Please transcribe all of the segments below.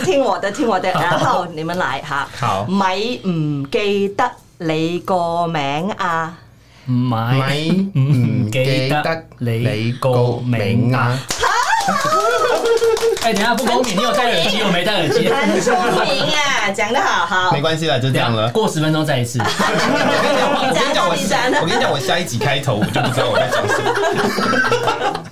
聽我的，聽我的，然後你們嚟吓，好，好，咪唔記得你個名啊？咪好好 唔記得你個名啊？哎，等下不公平，你有戴耳機，我沒戴耳機。不公平啊！講得好好，沒關係啦，就這樣啦。過十分鐘再一次。我跟你講，我我下跟你講，我下一集開頭我就不知道我在講什麼。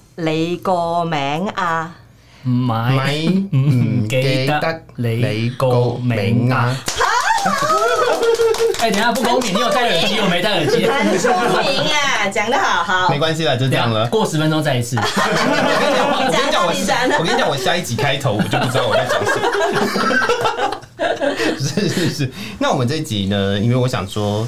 你個名啊？唔係唔記得你個名啊？哎，等下不公平，你有戴耳機，我沒戴耳機。很出名啊，講得好好，沒關係啦，就這樣啦。過十分鐘再一次。我跟你講，我刪。我跟你講，我下一集開頭我就不知道我在講什麼。是是是，那我們這一集呢？因為我想說。